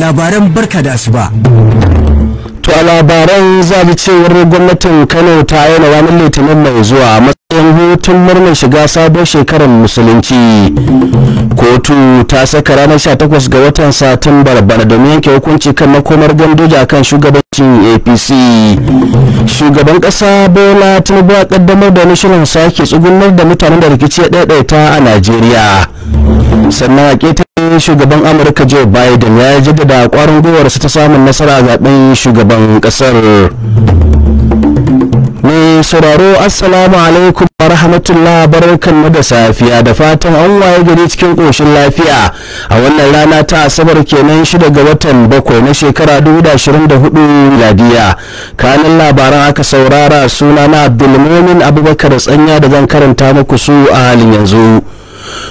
labaran barka da asuba to a labaran zabi cewar gwamnatin kano ta yana ranar litinin mai zuwa matsayin hutun murnar shiga sabon shekarar musulunci kotu ta saka ranar 18 ga watan satumbar bana domin yanke hukunci kan makomar gandoja kan shugabancin apc shugaban ƙasa bola tinubu a kaddamar da shirin sake tsugunar da mutanen da rikici ya ɗaiɗaita a najeriya sannan a shugaban amurka joe biden ya jaddada kwarin su ta samun nasara zaben shugaban kasar mai sauraro assalamu alaikum wa rahmatullah barkan da safiya da fatan an waye gari cikin koshin lafiya a wannan rana ta asabar kenan shida ga watan bakwai na shekara 2024 miladiya kanin labaran aka saurara suna na abdulmumin abubakar tsanya da zan karanta muku su a halin yanzu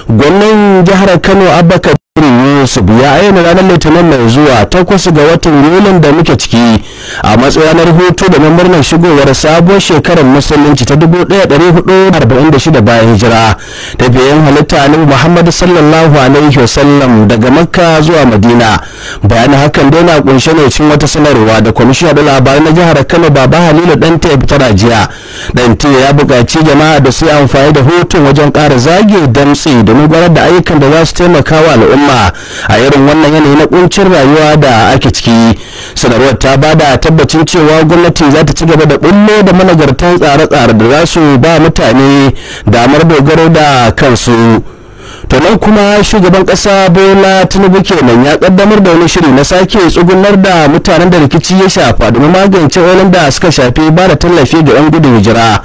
gwanin jihar kano abubakar irin Yusuf ya aina ranar Litinin mai zuwa takwas ga watan Yulin da muke ciki a matsayin hutu da murnar shigowar sabon shekarar musulunci ta 1446 bayan hijira ta biyan halitta Annabi Muhammad sallallahu alaihi wasallam daga Makka zuwa Madina bayan hakan dai na kunshe ne cikin wata sanarwa da kwamishin da labarai na jihar Kano Baba Halilu ta ya fitar jiya Dante ya buƙaci jama'a da su amfani da hutun wajen ƙara zage damtse domin gwarar da ayyukan da za su taimaka wa al'umma al'umma a irin wannan yanayi na kuncin rayuwa da ake ciki sanarwar ta bada tabbacin cewa gwamnati za ta ci gaba da bullo da managartan tsare-tsare da za su ba mutane damar dogaro da kansu to nan kuma shugaban kasa bola tinubu kenan ya kaddamar da wani shiri na sake tsugunar da mutanen da rikici ya shafa domin magance wani da suka shafi ba da tallafi ga yan gudun hijira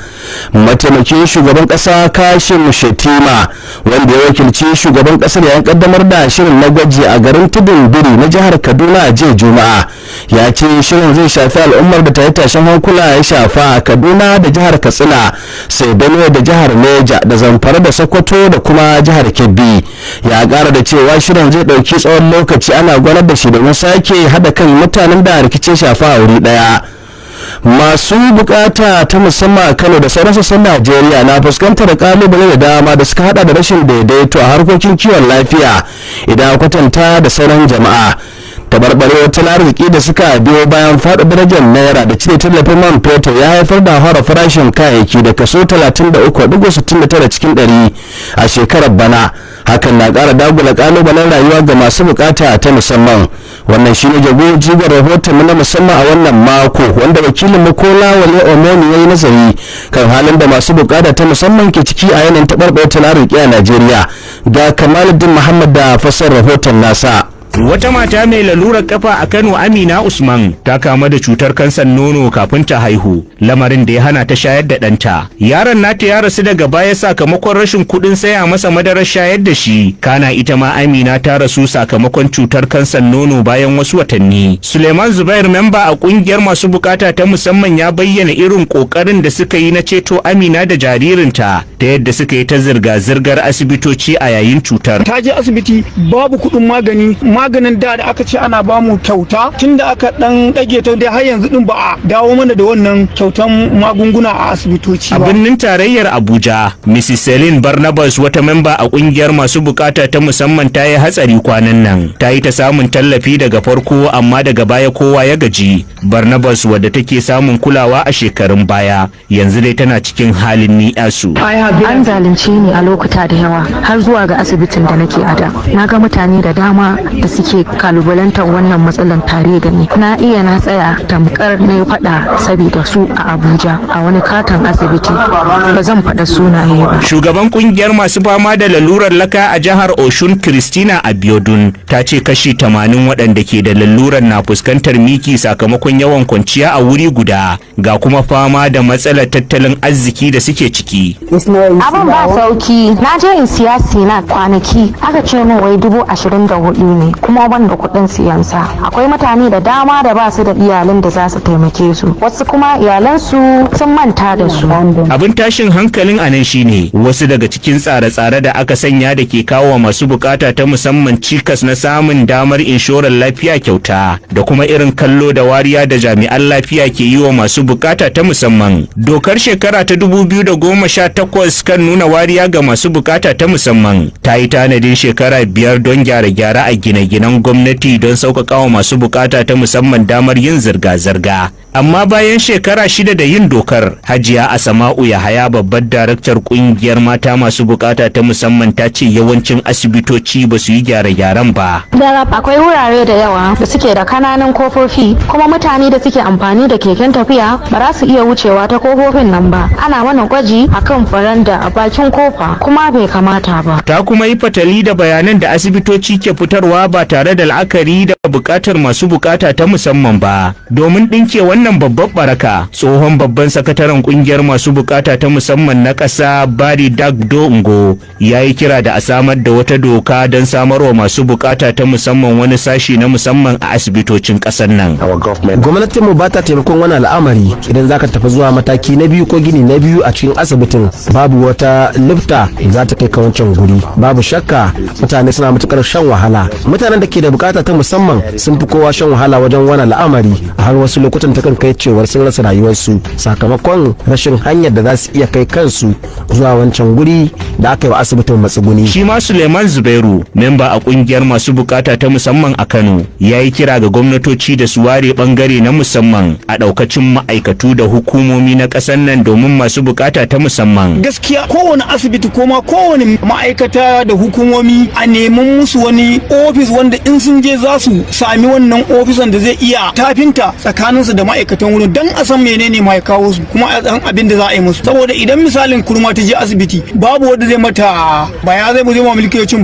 mataimakin shugaban kasa kashim shetima wanda ya wakilci shugaban kasar ya kaddamar da shirin na gwaji a garin tudun biri na jihar kaduna jiya juma'a ya ce shirin zai shafi al'ummar da ta yi tashin hankula ya shafa a kaduna da jihar katsina sai benue da jihar neja da zamfara da sokoto da kuma jihar kebbi ya kara da cewa shirin zai ɗauki tsawon lokaci ana gwanar da shi domin sake haɗa kan mutanen da rikicin shafa a wuri ɗaya masu bukata ta musamman a kano da sauran sassan najeriya na fuskantar kalubale da dama da suka hada da rashin daidaito a harkokin kiwon lafiya idan kwatanta da sauran jama'a tabarbarewar tattalin arziki da suka biyo bayan faɗi darajar naira da cire tallafin man fetur ya haifar da hawar farashin kayayyaki da kaso 33.69 cikin 100 a shekarar bana hakan na kara dagula ƙalubalen rayuwa ga masu bukata ta musamman wannan shi ne jago jigar rahoton na musamman a wannan mako wanda wakilin makola wale omeni ya yi nazari kan halin da masu bukata ta musamman ke ciki a yanayin taɓarɓar tattalin a najeriya ga kamaluddin muhammad da fasar rahoton nasa Wata mata mai lalurar kafa a Kano Amina Usman ta kama da cutar kansan nono kafin ta haihu, lamarin da ya hana ta shayar da ɗanta. Yaron nata ya rasu daga baya sakamakon rashin kuɗin saya masa madarar shayar da shi. Kana ita ma Amina ta rasu sakamakon cutar kansan nono bayan wasu watanni. Suleiman Zubair memba a ƙungiyar masu bukata ta musamman ya bayyana irin ƙoƙarin da suka yi na ceto Amina da jaririnta ta yadda suka yi ta zirga-zirgar asibitoci a yayin cutar. Ta je asibiti babu kuɗin magani maganin da da aka ce ana bamu kyauta tunda aka dan dage ta dai har yanzu din ba a dawo mana da wannan kyautan magunguna a asibitoci ba. A birnin tarayyar Abuja, Mrs. Celine Barnabas wata memba a kungiyar masu bukata ta musamman ta yi hatsari kwanan nan. Ta yi ta samun tallafi daga farko amma daga baya kowa ya gaji. Barnabas wadda take samun kulawa a shekarun baya yanzu dai tana cikin halin ni'asu. An zalunce ni a lokuta da yawa har zuwa ga asibitin da nake a da. Na ga mutane da dama da suke kalubalantar wannan matsalar tare da ni na iya na tsaya tamkar na yi fada saboda su a abuja a wani katon asibiti ba zan faɗa sunaye ba shugaban kungiyar masu fama da lalurar laka a jihar oshun christina abiodun ta ce kashi tamanin waɗanda ke da lalurar na fuskantar miki sakamakon yawan kwanciya a wuri guda ga kuma fama da matsalar tattalin arziki da suke ciki abin ba sauki na je in siyasi na kwanaki aka ce min wai dubu ashirin da hudu ne kuma wanda kudin kuɗin siyansa akwai mutane da dama da ba su da iyalin da za su taimake su wasu kuma iyalansu sun manta da su abin tashin hankalin anan shine wasu daga cikin tsare-tsare da aka sanya da ke kawo masu bukata ta musamman cikas na samun damar inshorar lafiya kyauta da kuma irin kallo da wariya da jami'an lafiya ke yi wa masu bukata ta musamman dokar shekara ta dubu biyu da goma sha 2018 kan nuna wariya ga masu bukata ta musamman ta yi tanadin shekara biyar don gyare-gyare a gine gine-ginen gwamnati don sauƙaƙawa masu bukata ta musamman damar yin zirga-zirga amma bayan shekara shida da yin dokar hajiya asama'u haya babbar daraktar ƙungiyar mata masu bukata ta musamman ta ce yawancin asibitoci ba su yi gyare-gyaren ba akwai wurare da yawa da suke da kananan kofofi kuma mutane da suke amfani da keken tafiya ba za su iya wucewa ta kofofin nan ba ana mana gwaji a kan faranda a bakin kofa kuma bai kamata ba ta kuma yi fatali da bayanan da asibitoci ke fitarwa ba ba tare da la'akari da buƙatar masu bukata ta musamman ba domin dinke wannan babbar baraka tsohon babban sakataren ƙungiyar masu bukata ta musamman na ƙasa bari dagdo ngo ya yi kira da a samar da wata doka don samarwa masu bukata ta musamman wani sashi na musamman a asibitocin ƙasar nan gwamnatinmu ba ta taimakon wani al'amari idan za ka tafi zuwa mataki na biyu ko gini na biyu a cikin asibitin babu wata lifta za ta kai ka wancan guri babu shakka mutane suna matukar shan wahala mutane mutanen da ke da bukata ta musamman sun fi kowa shan wahala wajen wani al'amari a har wasu lokutan ta kan kai cewar sun rasa rayuwarsu sakamakon rashin hanyar da za su iya kai kansu zuwa wancan guri da aka yi wa asibitin matsuguni. shi ma suleiman zubairu memba a kungiyar masu bukata ta musamman a kano ya yi kira ga gwamnatoci da su ware bangare na musamman a daukacin ma'aikatu da hukumomi na ƙasar nan domin masu bukata ta musamman. gaskiya kowane asibiti ko ma kowane ma'aikata da hukumomi a neman musu wani ofis wanda in sun je za su sami wannan ofisan da zai iya tafinta tsakaninsu da ma'aikatan wurin don a san menene mai kawo su kuma a san abin da za a yi musu saboda idan misalin kurma ta je asibiti babu wanda zai mata baya zai mu zai ma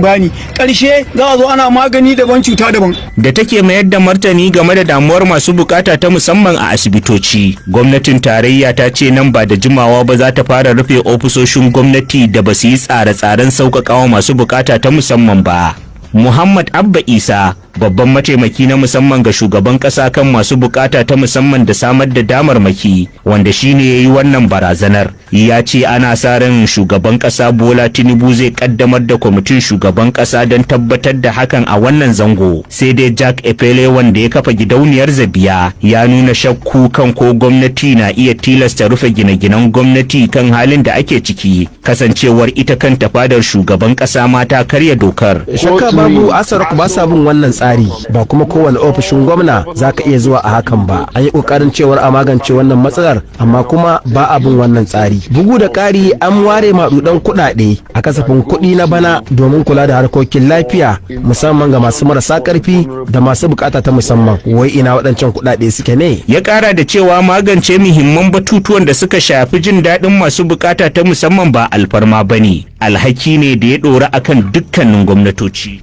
bayani karshe za a zo ana magani daban cuta daban da take mayar da martani game da damuwar masu bukata ta musamman a asibitoci gwamnatin tarayya ta ce nan ba da jimawa ba za ta fara rufe ofisoshin gwamnati da ba su yi tsare-tsaren sauƙaƙawa masu bukata ta musamman ba Muhammad Abba Isa babban mataimaki na musamman ga shugaban ƙasa kan masu bukata ta musamman da samar da damar maki, wanda shine ya yi wannan barazanar ya ce ana sa ran shugaban ƙasa bola tinubu zai kaddamar da kwamitin shugaban ƙasa don tabbatar da hakan a wannan zango sai dai jack epele wanda ya kafa gidauniyar zabiya ya nuna shakku kan ko gwamnati na iya tilasta rufe gine-ginen gwamnati kan halin da ake ciki kasancewar ita kanta fadar shugaban ƙasa ma ta karya dokar shakka babu asar ba sa bin wannan tsari ba kuma kowane ofishin gwamna za ka iya zuwa a hakan ba an yi ƙoƙarin cewar a magance wannan matsalar amma kuma ba abin wannan tsari bugu da ƙari an ware maɗuɗan kuɗaɗe a kasafin kuɗi na bana domin kula da harkokin lafiya musamman ga masu marasa ƙarfi da masu buƙata ta musamman wai ina waɗancan kuɗaɗe suke ne ya ƙara da cewa magance muhimman batutuwan da suka shafi jin daɗin masu buƙata ta musamman ba alfarma ba ne alhaki ne da ya ɗora akan dukkanin gwamnatoci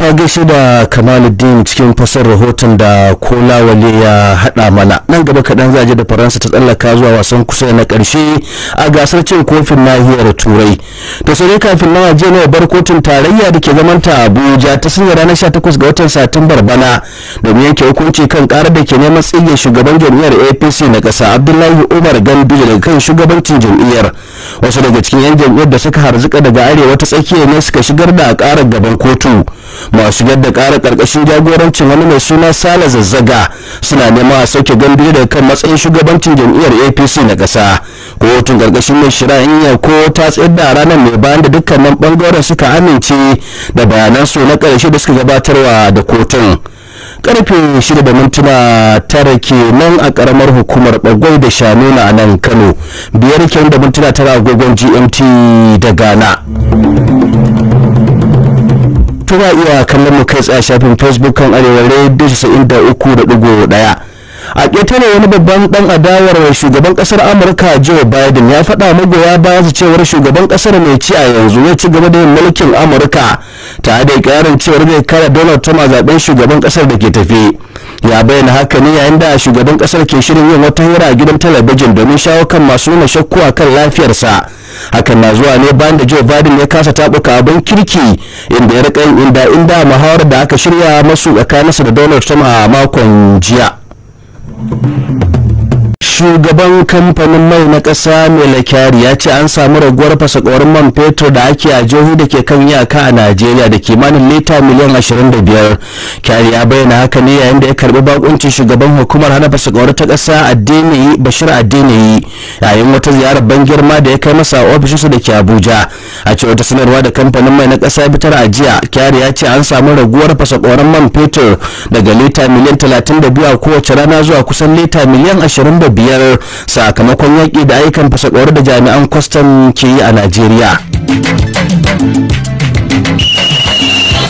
ta gaishe da kamaluddin cikin fasar rahoton da kola wale ya hada mana nan gaba kaɗan za a je da faransa ta tsallaka zuwa wasan kusa na ƙarshe a gasar cin kofin nahiyar turai to sai kafin na je na bar kotun tarayya da ke zaman ta abuja ta sanya ranar 18 ga watan satumbar bana domin yanke hukunci kan karar da ke neman tsige shugaban jam'iyyar apc na ƙasa abdullahi umar ganduje daga kan shugabancin jam'iyyar wasu daga cikin yan jam'iyyar da suka harzuka daga arewa ta tsakiya ne suka shigar da a karar gaban kotu masu shigar da ƙara ƙarƙashin jagorancin wani mai suna sala zazzaga suna neman a sauke gandu daga kan matsayin shugabancin jam'iyyar apc na ƙasa kotun karkashin mai ya ko ta tsayar da ranar mai bayan da dukkanin ɓangaren suka amince da bayanan su na ƙarshe da suka gabatarwa da kotun karfe shida da mintuna tara nan a karamar hukumar bagwai da shanuna a nan kano biyar kenan da mintuna tara agogon gmt da ghana to za iya kallon mu kai tsaye shafin facebook kan arewa radio 93.1 a ƙetare wani babban dan adawar shugaban kasar amurka joe biden ya faɗa magoya bayan cewar shugaban kasar mai ci a yanzu ya ci gaba da yin mulkin amurka tare da ikirarin cewar zai kare donald trump a zaben shugaban kasar da ke tafi ya bayyana haka ne yayin da shugaban kasar ke shirin yin wata hira a gidan talabijin domin shawo kan masu nuna shakku a kan lafiyarsa hakan na zuwa ne bayan da joe biden ya kasa tabuka abin kirki inda ya rika inda inda muhawarar da aka shirya masu tsakaninsa da donald trump a makon jiya Thank you. shugaban kamfanin mai na ƙasa melakari ya ce an samu raguwar fasakorin man fetur da ake a jihohi da ke kan yaka a najeriya da kimanin lita miliyan 25 kyari ya bayyana haka ne yayin da ya karbi bakuncin shugaban hukumar hana fasakorin ta ƙasa addini bashir addini yayin wata ziyarar ban girma da ya kai masa a ofishinsa da ke abuja a ce wata sanarwa da kamfanin mai na ƙasa fitar a jiya kyari ya ce an samu raguwar fasakorin man fetur daga lita miliyan 32 a kowace rana zuwa kusan lita miliyan 25 najeriya sakamakon yaƙi da fasa fasakowar da jami'an kwastam ke yi a najeriya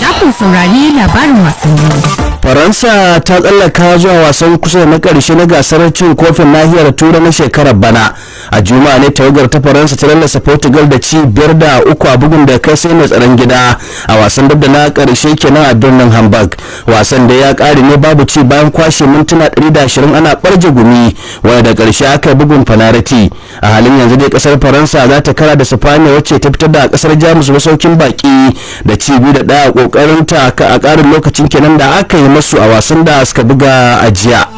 za ku saurari labarin wasanni faransa ta tsallaka zuwa wasan kusa na karshe na gasar cin kofin nahiyar tura na shekarar bana a juma'a ne tawagar ta faransa ta lallasa portugal da ci biyar da uku a bugun da kai sai mai tsaron gida a wasan dabda na karshe kenan a birnin hamburg wasan da ya kare ne babu ci bayan kwashe mintuna 120 ana barje gumi wanda da karshe aka bugun fanarati a halin yanzu dai kasar faransa za ta kara da sifaniya wacce ta fitar da kasar jamus masaukin baki da ci biyu da daya kokarin ta a karin lokacin kenan da aka yi basu a wasan da suka buga a jiya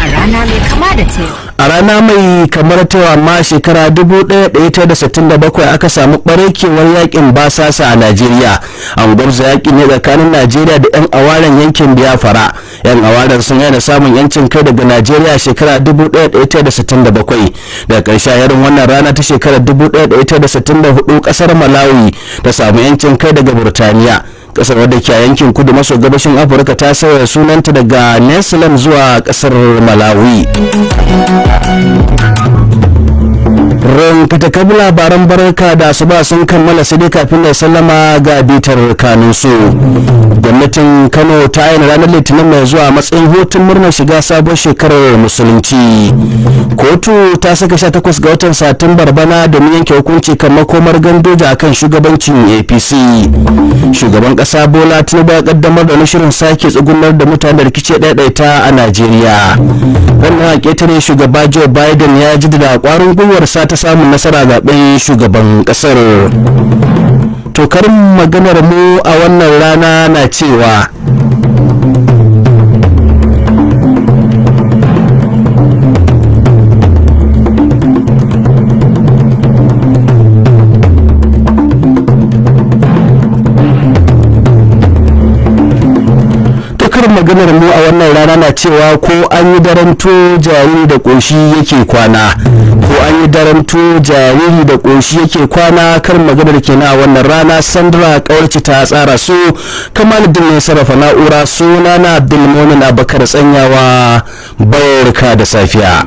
a rana mai A kamar tewa ma shekara 1967 aka samu barekewar yakin basasa a Najeriya. An gwarza yakin ne tsakanin Najeriya da 'yan awaren yankin Biafra. 'Yan awaren sun yana samun yancin kai daga Najeriya shekara 1967. Daga ƙarshe yarin wannan rana ta shekarar 1964 ƙasar Malawi ta samu yancin kai daga Burtaniya. kasar wadda ke yankin kudu maso gabashin afirka ta sauya sunanta daga nesland zuwa kasar malawi katakabu labaran barka da asuba sun kammala sai dai kafin da sallama ga bitar kanunsu gwamnatin kano ta aina ranar litinin mai zuwa matsayin hutun murnar shiga sabon shekarar musulunci kotu ta saka 18 ga watan satumbar bana domin yanke hukunci kan makomar gandoja akan shugabancin apc shugaban kasa bola tinubu ya kaddamar da wani shirin sake tsugunar da mutane rikice ɗaiɗaita a najeriya wannan a ƙetare shugaba joe biden ya jaddada kwarin gwiwarsa ta samun nasara zaɓen shugaban ƙasar tokarin maganar mu a wannan rana na cewa maganar mu a wannan rana na cewa ko an yi daranto jariri da ƙoshi yake kwana ko an yi daranto jariri da ƙoshi yake kwana kar maganar ke a wannan rana sandra kawarci ta tsara su kamar da mai sarrafa na'ura suna na na bakar tsanyawa barka da safiya